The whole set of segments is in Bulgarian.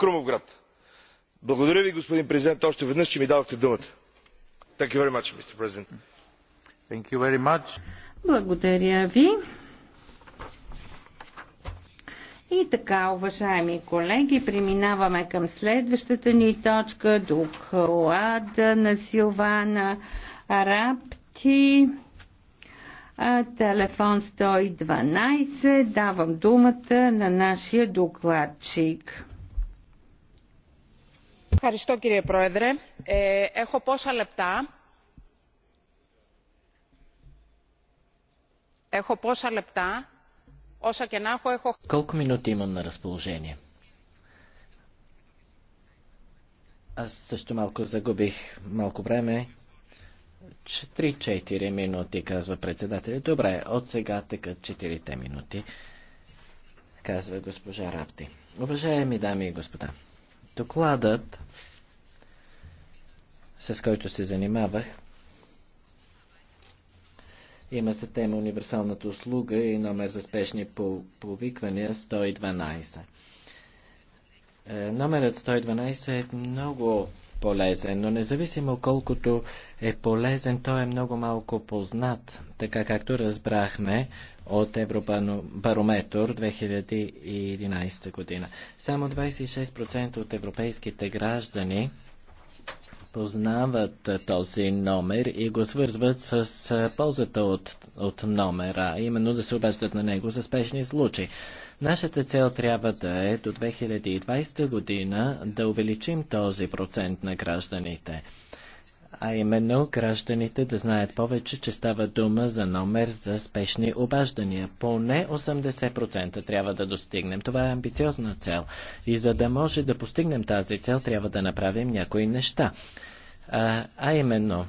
крумовград. благодаря ви господин президент още веднъж че ми дадохте думата. Благодаря ви. И така, уважаеми колеги, преминаваме към следващата ни точка, доклада на Силвана Рапти, телефон 112. Давам думата на нашия докладчик. Ευχαριστώ κύριε Πρόεδρε. έχω πόσα λεπτά. Έχω πόσα λεπτά. Όσα και να έχω, έχω... Колко минути имам на разположение? Аз също малко загубих малко време. 3-4 минути, казва председателя. Добре, от сега тъкат 4 минути, казва госпожа Рапти. Уважаеми дами и господа, Докладът, с който се занимавах, има се тема универсалната услуга и номер за спешни повиквания 112. Е, номерът 112 е много полезен, но независимо колкото е полезен, той е много малко познат, така както разбрахме от Евробарометр 2011 година. Само 26% от европейските граждани познават този номер и го свързват с ползата от, от номера, именно да се обаждат на него за спешни случаи. Нашата цел трябва да е до 2020 година да увеличим този процент на гражданите а именно гражданите да знаят повече, че става дума за номер за спешни обаждания. Поне 80% трябва да достигнем. Това е амбициозна цел. И за да може да постигнем тази цел, трябва да направим някои неща. А, а именно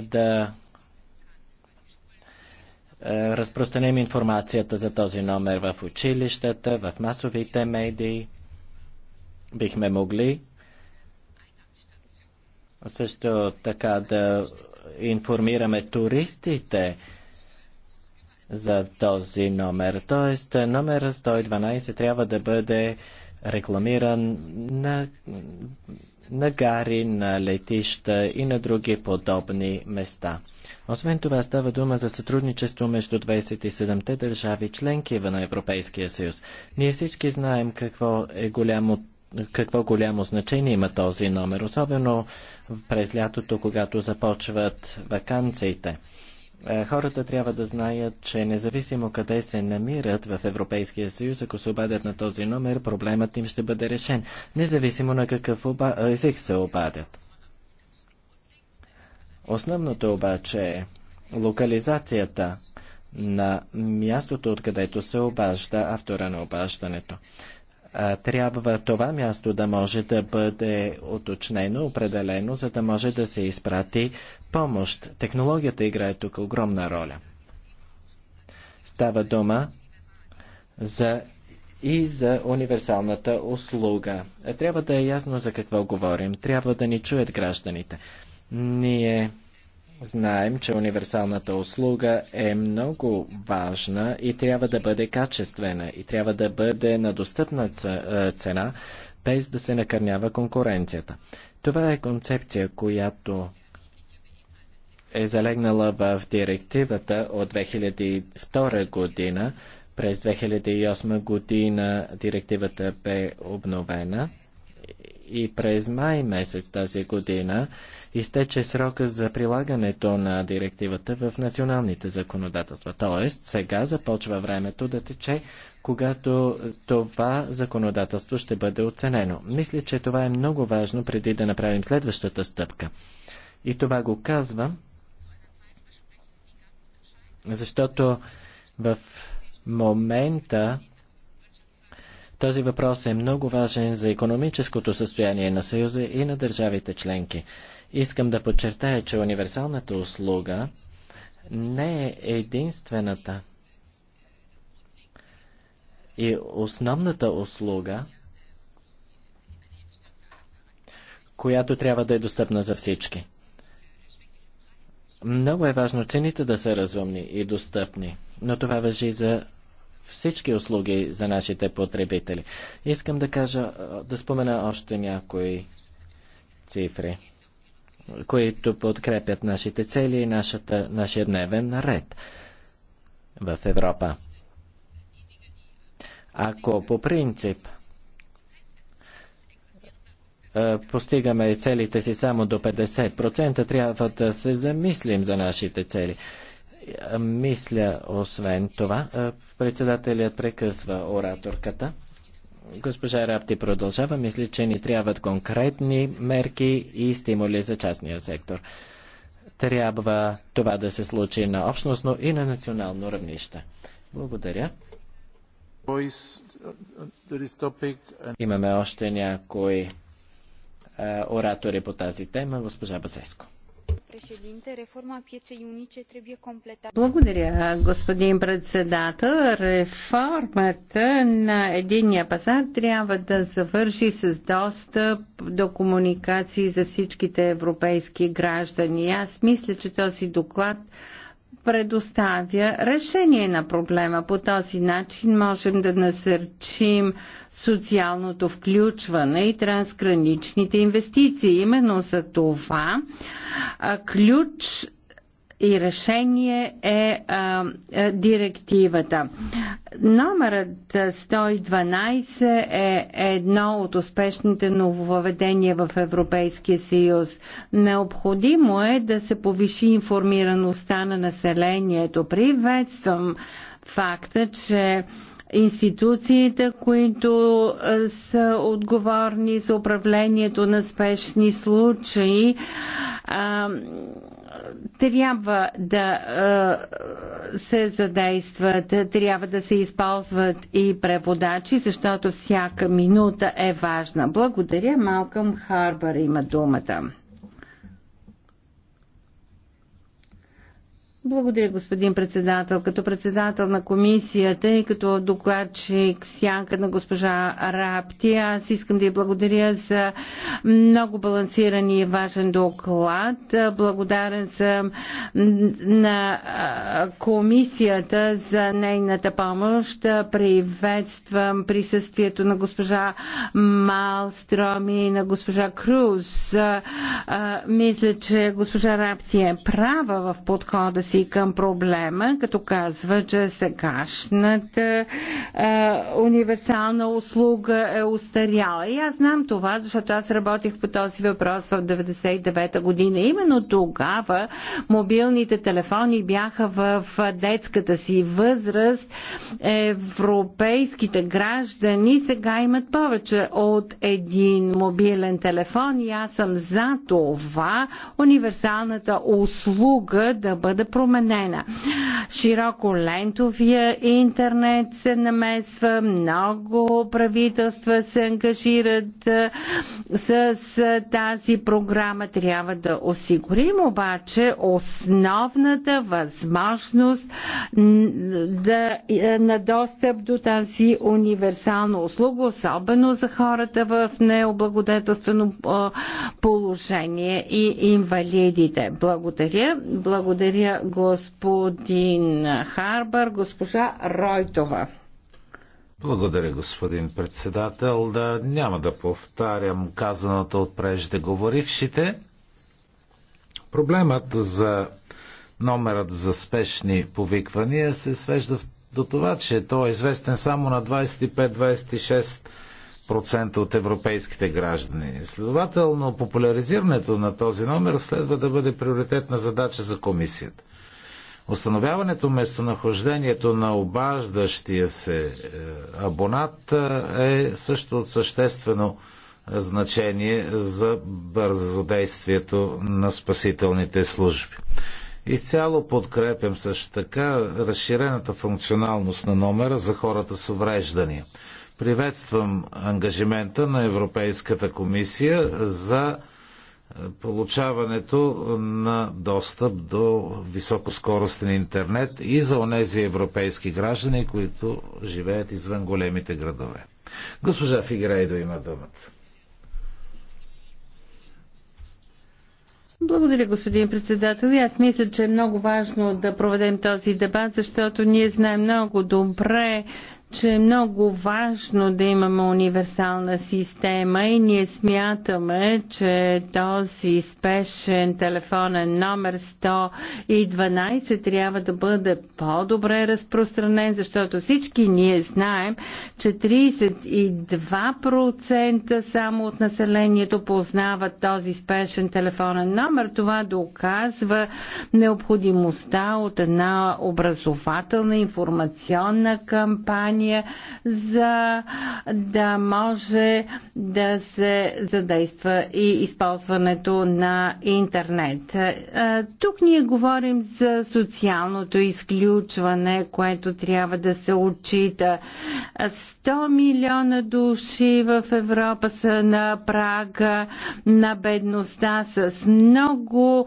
да разпространим информацията за този номер в училищата, в масовите медии. Бихме могли също така да информираме туристите за този номер. Тоест, номер 112 трябва да бъде рекламиран на, на гари, на летища и на други подобни места. Освен това става дума за сътрудничество между 27-те държави членки на Европейския съюз. Ние всички знаем какво е голямо какво голямо значение има този номер, особено през лятото, когато започват вакансиите. Е, хората трябва да знаят, че независимо къде се намират в Европейския съюз, ако се обадят на този номер, проблемът им ще бъде решен, независимо на какъв оба... език се обадят. Основното обаче е локализацията на мястото, откъдето се обажда автора на обаждането трябва това място да може да бъде уточнено, определено, за да може да се изпрати помощ. Технологията играе тук огромна роля. Става дума за и за универсалната услуга. Трябва да е ясно за какво говорим. Трябва да ни чуят гражданите. Ние Знаем, че универсалната услуга е много важна и трябва да бъде качествена и трябва да бъде на достъпна е, цена, без да се накърнява конкуренцията. Това е концепция, която е залегнала в директивата от 2002 година. През 2008 година директивата бе обновена и през май месец тази година изтече срока за прилагането на директивата в националните законодателства. Тоест, сега започва времето да тече, когато това законодателство ще бъде оценено. Мисля, че това е много важно преди да направим следващата стъпка. И това го казвам, защото в момента този въпрос е много важен за економическото състояние на Съюза и на държавите членки. Искам да подчертая, че универсалната услуга не е единствената и основната услуга, която трябва да е достъпна за всички. Много е важно цените да са разумни и достъпни, но това въжи за всички услуги за нашите потребители. Искам да кажа, да спомена още някои цифри, които подкрепят нашите цели и нашата, нашия дневен ред в Европа. Ако по принцип постигаме целите си само до 50%, трябва да се замислим за нашите цели. Мисля, освен това, председателят прекъсва ораторката. Госпожа Рапти продължава. Мисля, че ни трябват конкретни мерки и стимули за частния сектор. Трябва това да се случи на общностно и на национално равнище. Благодаря. Uh, Имаме още някои оратори по тази тема. Госпожа Басеско. Благодаря, господин председател. Реформата на пазар трябва да завърши с достъп до комуникации за всичките европейски граждани. Аз мисля, че този доклад предоставя решение на проблема. По този начин можем да насърчим социалното включване и трансграничните инвестиции. Именно за това ключ и решение е а, а, е директивата. Номерът 112 е едно от успешните нововъведения в Европейския съюз. Необходимо е да се повиши информираността на населението. Приветствам факта, че институциите, които е, са отговорни за управлението на спешни случаи, а, трябва да е, се задействат, трябва да се използват и преводачи, защото всяка минута е важна. Благодаря. Малкам Харбър има думата. Благодаря, господин председател. Като председател на комисията и като докладчик сянка на госпожа Рапти, аз искам да я благодаря за много балансиран и важен доклад. Благодарен съм на комисията за нейната помощ. Приветствам присъствието на госпожа Малстром и на госпожа Круз. Мисля, че госпожа Рапти е права в подхода си си към проблема, като казва, че сегашната е, универсална услуга е устаряла. И аз знам това, защото аз работих по този въпрос в 99-та година. Именно тогава мобилните телефони бяха в детската си възраст. Европейските граждани сега имат повече от един мобилен телефон и аз съм за това универсалната услуга да бъде променена променена. Широко лентовия интернет се намесва, много правителства се ангажират с тази програма. Трябва да осигурим обаче основната възможност да, на достъп до тази универсална услуга, особено за хората в необлагодетелствено положение и инвалидите. Благодаря. Благодаря господин Харбър, госпожа Ройтова. Благодаря, господин председател. Да, няма да повтарям казаното от преждеговорившите. Проблемът за номерът за спешни повиквания се свежда до това, че той е известен само на 25-26% от европейските граждани. Следователно, популяризирането на този номер следва да бъде приоритетна задача за комисията. Установяването местонахождението на обаждащия се е, абонат е, е също от съществено е, значение за бързодействието на спасителните служби. Изцяло подкрепям също така разширената функционалност на номера за хората с увреждания. Приветствам ангажимента на Европейската комисия за получаването на достъп до високоскоростен интернет и за онези европейски граждани, които живеят извън големите градове. Госпожа Фигрейдо има думата. Благодаря, господин председател. И аз мисля, че е много важно да проведем този дебат, защото ние знаем много добре че е много важно да имаме универсална система и ние смятаме, че този спешен телефонен номер 112 трябва да бъде по-добре разпространен, защото всички ние знаем, че 32% само от населението познават този спешен телефонен номер. Това доказва необходимостта от една образователна информационна кампания, изследвания, за да може да се задейства и използването на интернет. Е, тук ние говорим за социалното изключване, което трябва да се отчита. 100 милиона души в Европа са на прага на бедността с много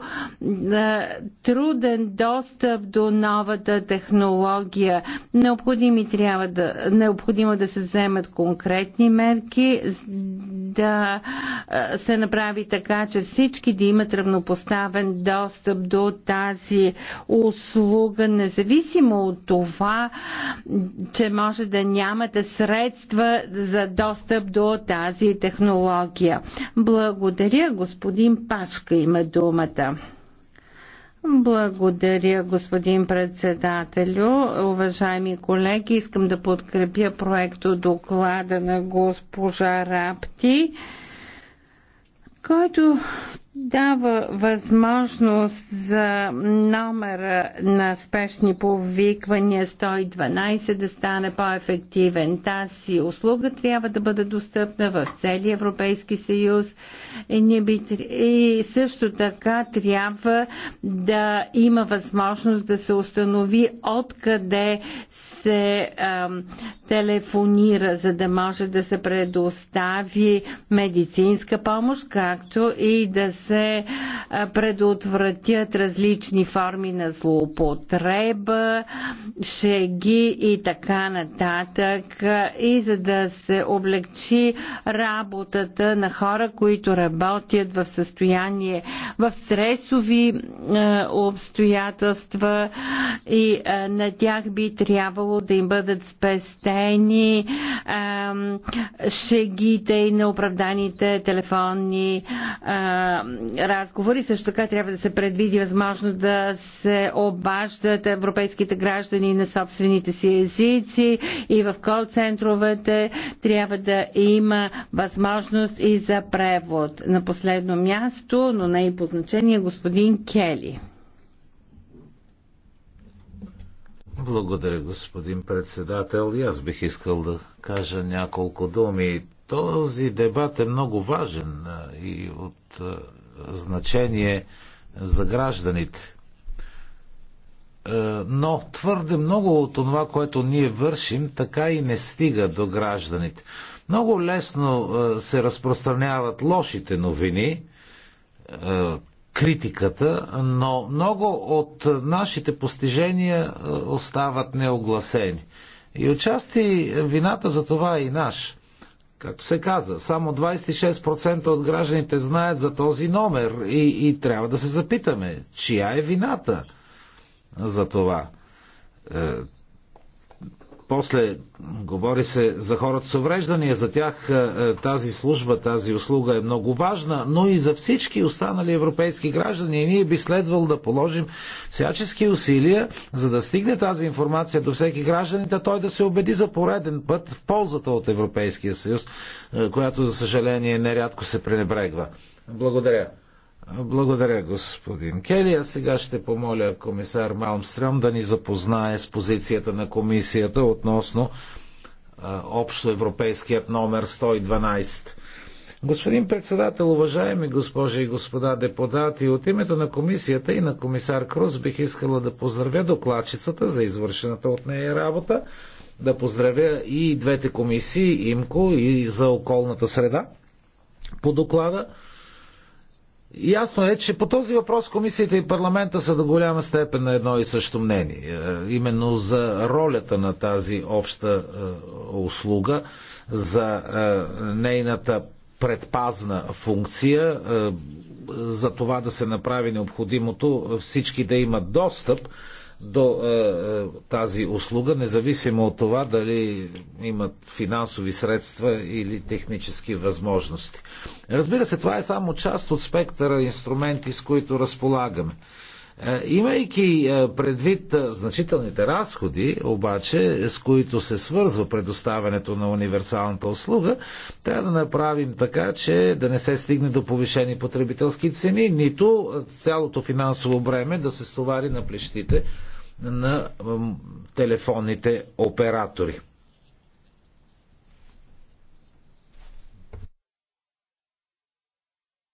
е, труден достъп до новата технология. Необходими трябва да необходимо да се вземат конкретни мерки, да се направи така, че всички да имат равнопоставен достъп до тази услуга, независимо от това, че може да нямате средства за достъп до тази технология. Благодаря, господин Пашка има думата. Благодаря, господин председателю. Уважаеми колеги, искам да подкрепя проекто доклада на госпожа Рапти, който дава възможност за номера на спешни повиквания 112 да стане по-ефективен. Тази услуга трябва да бъде достъпна в целия Европейски съюз и, също така трябва да има възможност да се установи откъде се ам, телефонира, за да може да се предостави медицинска помощ, както и да се се предотвратят различни форми на злоупотреба, шеги и така нататък и за да се облегчи работата на хора, които работят в състояние, в стресови обстоятелства и на тях би трябвало да им бъдат спестени шегите и неоправданите телефонни разговори. Също така трябва да се предвиди възможно да се обаждат европейските граждани на собствените си езици и в кол-центровете трябва да има възможност и за превод. На последно място, но не и по значение, господин Кели. Благодаря, господин председател. И аз бих искал да кажа няколко думи. Този дебат е много важен и от значение за гражданите. Е, но твърде много от това, което ние вършим, така и не стига до гражданите. Много лесно е, се разпространяват лошите новини, е, критиката, но много от нашите постижения остават неогласени. И отчасти вината за това е и наша. Както се каза, само 26% от гражданите знаят за този номер и, и трябва да се запитаме, чия е вината за това е, после говори се за хората с увреждания, за тях е, е, тази служба, тази услуга е много важна, но и за всички останали европейски граждани. И ние би следвало да положим всячески усилия, за да стигне тази информация до всеки гражданин, да той да се убеди за пореден път в ползата от Европейския съюз, е, която, за съжаление, нерядко се пренебрегва. Благодаря. Благодаря, господин Кели. А сега ще помоля комисар Малмстрем да ни запознае с позицията на комисията относно общо европейският номер 112. Господин председател, уважаеми госпожи и господа депутати, от името на комисията и на комисар Крус бих искала да поздравя докладчицата за извършената от нея работа, да поздравя и двете комисии, ИМКО и за околната среда по доклада. Ясно е, че по този въпрос комисията и парламента са до голяма степен на едно и също мнение. Е, именно за ролята на тази обща е, услуга, за е, нейната предпазна функция, за това да се направи необходимото всички да имат достъп до е, е, тази услуга, независимо от това дали имат финансови средства или технически възможности. Разбира се, това е само част от спектъра инструменти, с които разполагаме. Е, имайки е, предвид значителните разходи, обаче, с които се свързва предоставянето на универсалната услуга, трябва да направим така, че да не се стигне до повишени потребителски цени, нито цялото финансово бреме да се стовари на плещите на телефонните оператори.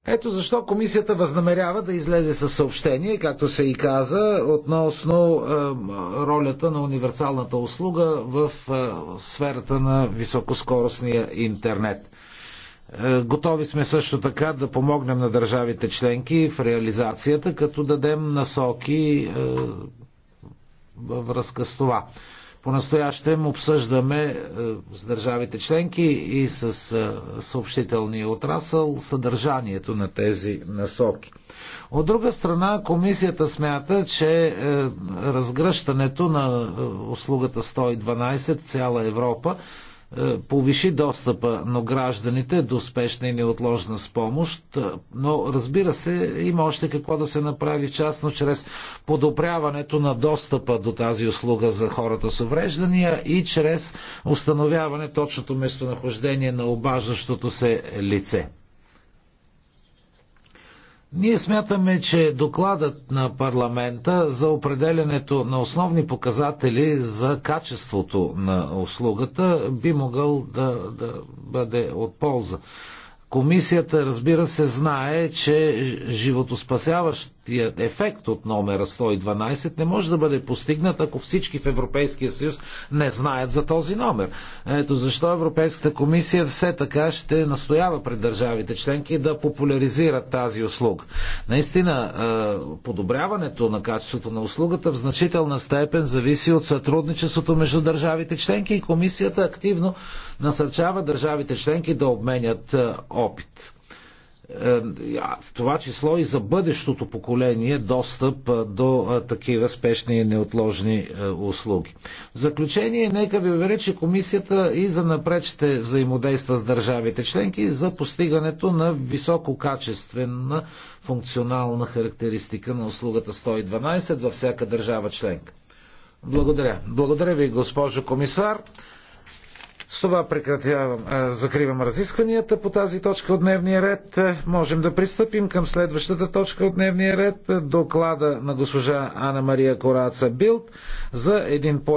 Ето защо комисията възнамерява да излезе със съобщение, както се и каза, относно е, ролята на универсалната услуга в е, сферата на високоскоростния интернет. Е, готови сме също така да помогнем на държавите членки в реализацията, като дадем насоки, е, във връзка с това. По-настоящем обсъждаме е, с държавите членки и с е, съобщителния отрасъл съдържанието на тези насоки. От друга страна, комисията смята, че е, разгръщането на услугата 112 в цяла Европа е, повиши достъпа на гражданите до спешна и неотложна помощ, е, но разбира се, има още какво да се направи частно чрез подобряването на достъпа до тази услуга за хората с увреждания и чрез установяване точното местонахождение на обаждащото се лице. Ние смятаме, че докладът на парламента за определенето на основни показатели за качеството на услугата би могъл да, да бъде от полза. Комисията, разбира се, знае, че животоспасяващ ефект от номера 112 не може да бъде постигнат, ако всички в Европейския съюз не знаят за този номер. Ето защо Европейската комисия все така ще настоява пред държавите членки да популяризират тази услуга. Наистина, е, подобряването на качеството на услугата в значителна степен зависи от сътрудничеството между държавите членки и комисията активно насърчава държавите членки да обменят е, опит. Е, в това число и за бъдещото поколение достъп е, до е, такива спешни и неотложни услуги. В заключение, нека ви уверя, че комисията и за напред ще взаимодейства с държавите членки за постигането на висококачествена функционална характеристика на услугата 112 във всяка държава членка. Благодаря. Благодаря ви, госпожо комисар. С това прекратявам, закривам разискванията по тази точка от дневния ред. Можем да пристъпим към следващата точка от дневния ред. Доклада на госпожа Анна Мария Кораца Билт за един по